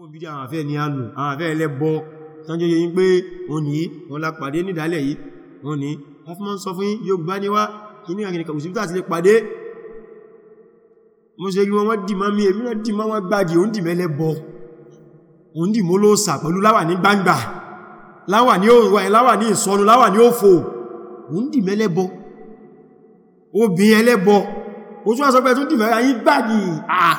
fún bídí àwọn afẹ́ ní ànù àwọn afẹ́ ẹlẹ́bọ tánjẹ́ yìí pé wọ́n ní wọ́n la pàdé nídàálẹ̀ yìí wọ́n ní hoffman sọ fún yóò gbá níwá kí ní àkìníkà òsìbítà àti lè pàdé mo ṣe rí wọn wọ́n dì máa mi èmi náà dì máa wọ́n gbági òun dì mẹ́lẹ́bọ òun dì mólóòsà pẹ̀lú láwà ní gbangba láwà ní òrùwà ẹ̀ láwà ní ìsọnù láwà ní òfò òun dì mẹ́lẹ́bọ obìnrin ẹlẹ́bọ ó tún wá sọ pé tún dì mẹ́ra yín gbági ah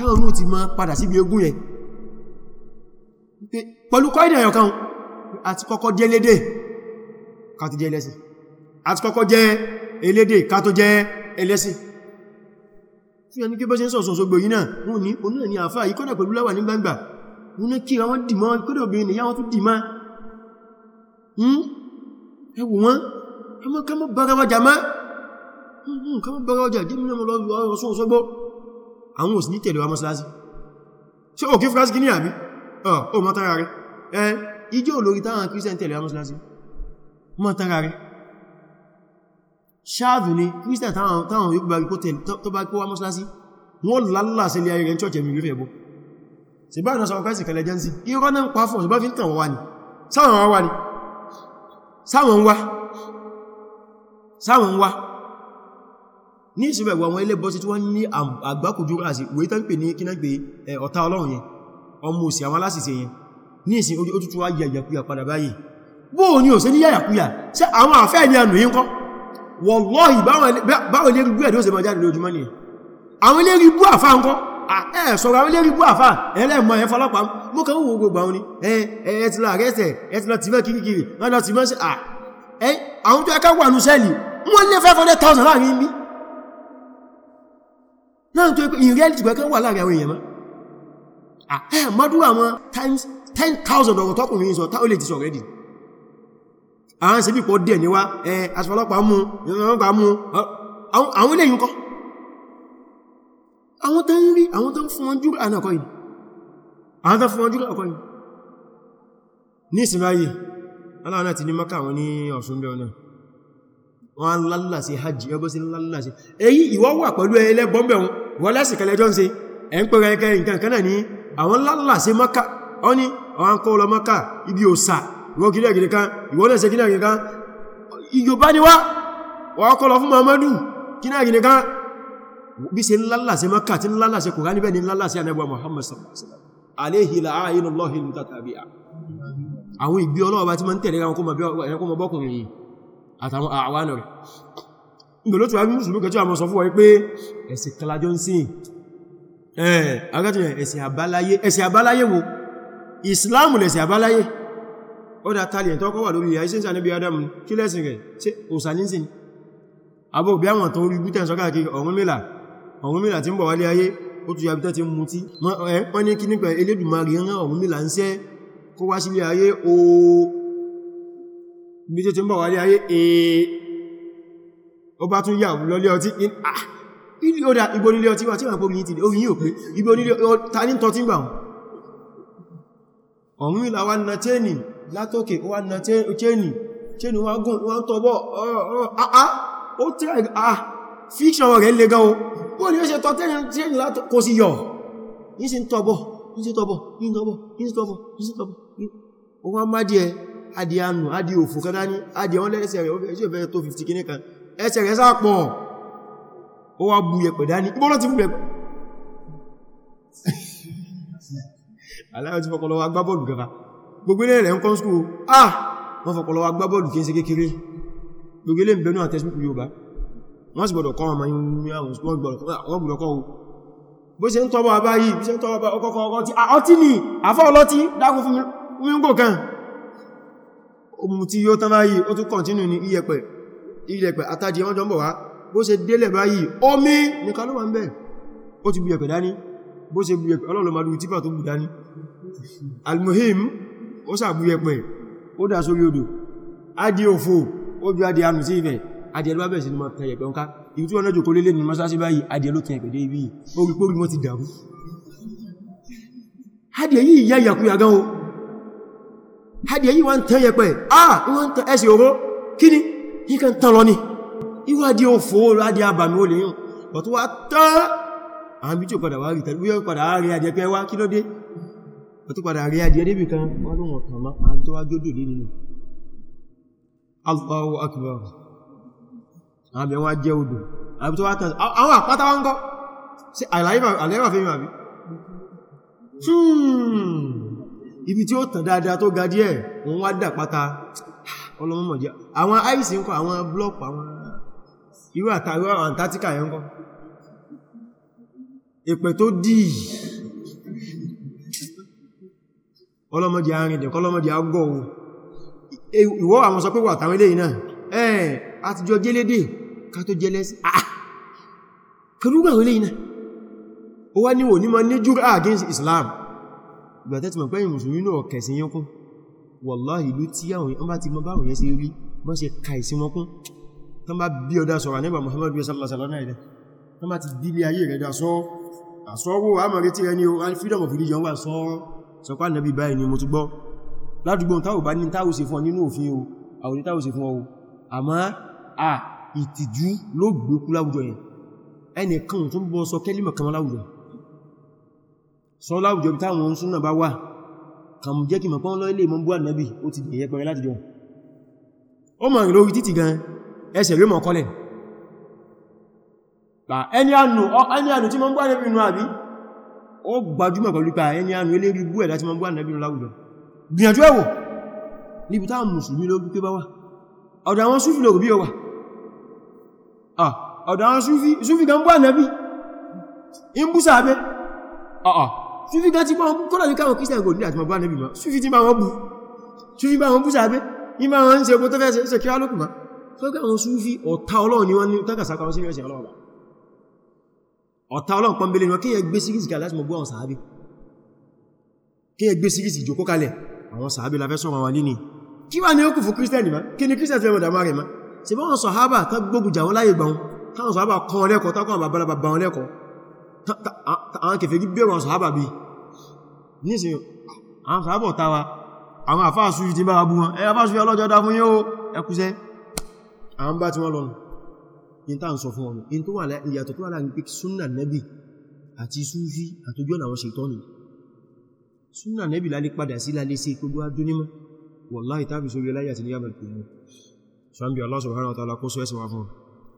táwọn náà ti máa padà síbi ogún yẹn pẹ̀lú kọ́ ìdẹ̀yàn kan àti kọ́kọ́ jẹ́ lédè ká tó jẹ́ ẹlẹ́sìn àti kọ́kọ́ jẹ́ elédè ká tó jẹ́ ẹlẹ́sìn fíyà ní kí bọ́ sí ń sọ̀sọ̀ sọgbò yìí náà wọ́n ní onílẹ̀ ní àfáà yìí kọ́dà pẹ̀lú láwà ní gbangba wọ́n ní kí àwọn dìmọ́ kọ́dà obìnrin ni yáwọn tó dìmọ́ ẹwù wọn kọmọ hmm? bára wájà má kọmọ bára wájà jẹ́ mínú ọmọ lọ́rọ̀ sọ́gbọ́ àwọn òsì ní tẹ̀lé wa mọ́sílásí ṣe òkè france guinea àbí ọ mọ́tara rẹ̀ ẹ ijó olórí táwọn christian tẹ̀lé wa mọ́sílásí mọ́tara rẹ̀ ṣáàdù ni christian táwọn yóò gbárí tó bá kó wa mọ́sílásí wọ́n lálà sí ilé ayé rẹ̀ church ẹ̀mí rífẹ́ bó sì bá ìrìnàṣọ́ christ kẹlẹ̀ jẹ́ sí irọ́ náà ń pa fún ọ̀sùn fi ń tàn wá ni sáwọn wá ni sáwọn wá sáwọn wá ní ìsinmi ẹ̀wọ̀ àwọn ẹlẹ́bọ sí tí wọ́n ní àgbákòjú ráàsì wèé tán pè ní kíná pé ọ̀tá ọlọ́run yẹn ọmọ òsì àwọn aláṣìṣẹ́ yẹn ní ìsin ojú tútù wá yàyàkúyà padà báyìí bó o ní ò sí ní yàyàkúyà ṣé àwọn àfẹ́ ní ànù yí ń kọ́ wallahi báwọn lérí bú ẹ̀dọ́ sì máa jáde lójúmọ́ ni àwọn lérí bú àfá ń kọ́ ẹ̀ sọ̀rọ̀ àwọn lérí bú àfá ẹlẹ́mọ̀ ẹ̀ fọlọ́pàá mú kan wò gbogbo àwọn ni ẹ̀ ti lọ rẹ́sẹ̀ ẹ̀ ti lọ ti mẹ́ kìrìkìrì wọ́n lọ ti mọ́ sí àwọn tó ẹkẹ́ wà nù sẹ́ẹ̀lì wọ́n lé 500,000 láàrin bí láàrín tó in reality gbẹ́kẹ́ wà láàrín àwọn èèyàn mọ́ ẹ̀ mọ́dú àwọn times 10,000 ọ̀rọ̀ tọ́kùnrin sọ táwọn lè ti sọ rẹ́dì àwọn sí pípọ̀ díẹ̀ níwá ẹ asọ́lọ́pàá mú àwọn ilé yìí kọ́ àwọn tó ń rí àwọn tó ń fún ọjọ́ ànàkọ́ yìí àwọn tó ń fún ọjọ́ àkọ́ yìí ní ìsinmi ayé aláwọn náà ti ní mọ́kà àwọn ní ọ̀ṣun bẹ́ọ̀ wọ́n lálà sí hajji ẹgbọ́ sí lálà sí èyí ìwọ wà pẹ̀lú ẹlẹ́ bọ́m̀bẹ̀ wọn wọ́n lẹ́sì kẹlẹ̀ jọ ń ṣe ẹ̀ ń pẹ̀rẹ̀ ẹkẹ́ nǹkan kan náà ní àwọn lálà sí maka ọ ní àwọn kọ́ lọ maka ibi òsà ìwọ gídẹ̀gìdì kan ìwọ náà ṣe gídẹ̀gìdì kan ìyọba ni wá wọ́n kọ́ lọ fún Muhammadu gídẹ̀gìdì kan bí ṣe lálà sí maka tí lálà sí kùrá níbẹ̀ ni lálà sí anẹ́gbà Muhammad sallallahu alaihi wasallam alayhi la'ayinu Allahi mutatabi'a àwọn ìgbé ọlọ́ọ̀bá tí ma ń tẹ̀lé ẹranko mọ̀bọ́kùnrin yìí àtàwọn àwọn rẹ̀ ìgbèlò tí wà ní mùsùlùmí kẹjọ àmọ́ sọ fún wọ́n pé ẹ̀sìn kalajọ ń sìn ẹ̀ẹ̀ agátìyàn ẹ̀sìn àbáláyé ẹ̀sìn àbáláyé wo ìsìláàmù lẹ̀sìn àbáláyé ó dá tàlì ẹ̀tọ́ kọ́ wà lórí àìsínsà níbi adam kí lẹ́sìn rẹ̀ ṣe òsànínsìn abọ́ bí àwọn tó rí bútẹ̀ sọ káàkiri Ọ̀rúnmìlà Ọ̀rúnmìlà tí ń bọ̀ wálé ayé ó tún yàbítẹ́ ti mú tí wọ́n ní kí nípa Elédùmarè ń rán Ọ̀rúnmìlà ń sẹ́ kó wá sílé ayé ooo bí tó ti ń bọ̀ wálé ayé èé eh, ó bá tún yàwó lọ́lé ọtí ah, ilé ọdá ibo nílé ọtí wà tí wà pómi ìtìlẹ̀ orí yíò pé ibo nílé ọta ní tọ́tí gbà ọ̀rún ìlà wa na tẹ́ẹ̀nì látọ́kẹ̀ wa na tẹ́ẹ̀nì tẹ́ẹ̀nì wa gùn wa ń tọ́bọ̀ ó tẹ́ ah, fíṣàn rẹ̀ lè gan o bó ní ó ṣe tọ́ tẹ́ẹ̀nì látọ́ kó sí yọ ní sí tọ́bọ̀ ní sí tọ́bọ̀ ní sí tọ́bọ̀ ní sí tọ́bọ̀ Adi ànù adì òfò Adi ní adì àwọn lẹ́ẹ̀sẹ̀ rẹ̀ ó fẹ́ tó 50 kìíní kan ẹsẹ̀ rẹ̀ sáàpọ̀ ó wá bu yẹ̀pẹ̀ dání ibọ́lọ́ ti fúnbẹ̀ aláyọ̀ ti fọkọlọwà agbábọ́ọ̀lù gẹ̀fà gbogbo ilẹ̀ rẹ̀ school. kọ́ skú ah wọ́n fọkọlọwà agbábọ́ọ̀lù kìí ṣe kékeré gbogbo ilẹ̀ ń bẹnu bodo Yorùbá wọ́n sì gbọ́dọ̀ kọ́ ọmọ yìí wọ́n gbọ́dọ̀ kọ́ bó ṣe ń tọ́wọ́ bá yìí bí ṣe ń tọ́wọ́ bá ọkọ̀kọ̀ ọkọ̀ tí àọ́tí ni àfọ́ ọlọ́tí dákùn fún mi ń kan ohun tí yóò tán báyìí ó tún kọ̀ntínú ní iyẹ̀pẹ̀ iyẹ̀pẹ̀ àtàjì wọ́n jọ ń bọ̀ wá bó ṣe délẹ̀ báyìí omi nìkan ló wà ń bẹ̀ ó ti buyẹ̀pẹ̀ dání bó ṣe buyẹ̀pẹ̀ ọlọ́lọ́mọdún típà tó bù dání almuhim ó sàbuyẹ̀pẹ̀ ó dà adi òfò ó adi anù sí ibẹ̀ adìẹ ló bá ni ma tẹ yẹ̀pẹ̀ ńká ibi tí wọ́n lọ́jọ́ kó lélẹ̀ ní masáṣí báyìí o hádìí èyí wọ́n tán yẹpẹ̀ ah wọ́n tán ẹsẹ̀ oró kí ni yí kan tán lọ ní ìwádìí òfò rádìí àbàmì olè yìí bọ̀ tó wá tán àwọn bí tí ó padà wá rí tàbí yóò padà rí adìẹ pé wá kí ló dé bọ̀ tó padà rí adìẹ débì kan wọ́n ló wọ̀n tàn máa tó wá jódò lé nínú Allahu akbar àmì wọn jẹ́ odò àbí tó wá tàn àwọn àpáta wọn kọ́ sí àlàyé àfihàn àbí hmm ibi tí ó tàn dáadáa tó ga díẹ̀ òun wá dà pátá ọlọ́mọ̀mọ̀ jẹ́ àwọn ice ń kọ àwọn blọ́ọ̀pù àwọn irú àtàrí àwọn Antarctica yẹn kọ́ ìpẹ̀ tó dì ọlọ́mọ̀jẹ́ arìnrìn kọlọ́mọ̀jẹ́ agọ́ ìwọ́ àwọn sọ pé wà tàwọn ilé iná ẹ̀ àtijọ́ jẹ́lédè ká tó jẹ́lẹ́sì kẹrúgbà ilé iná ó wá níwò ní ma ní jùrà against Islam gbàtẹ́ ti mọ̀ pé ìmùsùlùmí náà kẹsìn yín kún wàláhì ìlú tí àwọn èèyàn bá ti mọ báwọn yẹn ṣe rí bọ́n ṣe ka ìsìn wọn kún tán bá bí ọdá sọ̀rọ̀ nígbà Muhammadu sallallahu alaihi wasallam tán bá ti dílé ayé rẹ̀ dá sọ́ àsọ́wó àmọ̀rí tí ẹni freedom of religion wà sọ́ sọpá nàbí báyìí ni mo ti gbọ́ ládùgbò táwò bá ní táwò ṣe fún ọ nínú òfin o àwọn ní táwò ṣe fún ọ àmọ́ ẹnìkan tó ń bọ́ sọ kẹ́límọ̀ kan láwùjọ sọ láwùjọ táwọn ohun súnà bá wà kàn jẹ́ kí mọ̀pọ̀ lọ ilé mọ́bú ànábì ó ti dẹ̀yẹ pẹ̀rẹ láti jọ ó mọ̀ rìn lórí títì gan ẹsẹ̀ rí mọ̀ kọlẹ̀ ẹni ànù tí mọ́bú ànábì nù àbí ó gbajúmọ̀ pẹ̀lú pa ẹni ànù ilé rí bú ẹ̀dá tí mọ́bú ànábì nù láwùjọ gbìyànjú ẹ̀wò níbi táwọn mùsùlùmí ló gbé bá wà ọ̀dọ̀ àwọn súfì lòrò bí ó wà ọ̀dọ̀ àwọn súfì gan bú ànábì ń bú sàábẹ́ ṣúfí gan ti bá wọn kọ́lá ní káwọn christian kò ní àti mọ̀bá nẹ́bì máa ṣúfí ti bá wọn bú ṣúfí bá wọn bú sàábẹ́ ní máa wọn ń ṣe gbótọ́ fẹ́ ṣe kíra lókùnmá tó kí àwọn ṣúfí ọ̀tá ọlọ́run ni wọ́n ní tákàsá pàmọ́ sí ẹ̀ṣẹ̀ ọlọ́run àwọn kèfèrí bẹ̀rọ sàábà bí nísìn àwọn sàábà tàwà àwọn àfáàsù yìí ti bá abú wọn ẹ̀yà fásù yà lọ́jọ́ dá fún yóò ẹkùsẹ́ àwọn bá ti wọ́n lọ́nà in ta n sọ fún ọmọ in tó wà ìyàtọ̀ tó wà láàrin pé súnà nẹ́bì àti súfí àtójú ọ̀nà àwọn ṣètọ́nì súnà nẹ́bì lálé padà sí lálé sí gbogbo adúnímọ̀ wallahi tàbí sórí ẹláyà ti ní yàmà ìpínlẹ̀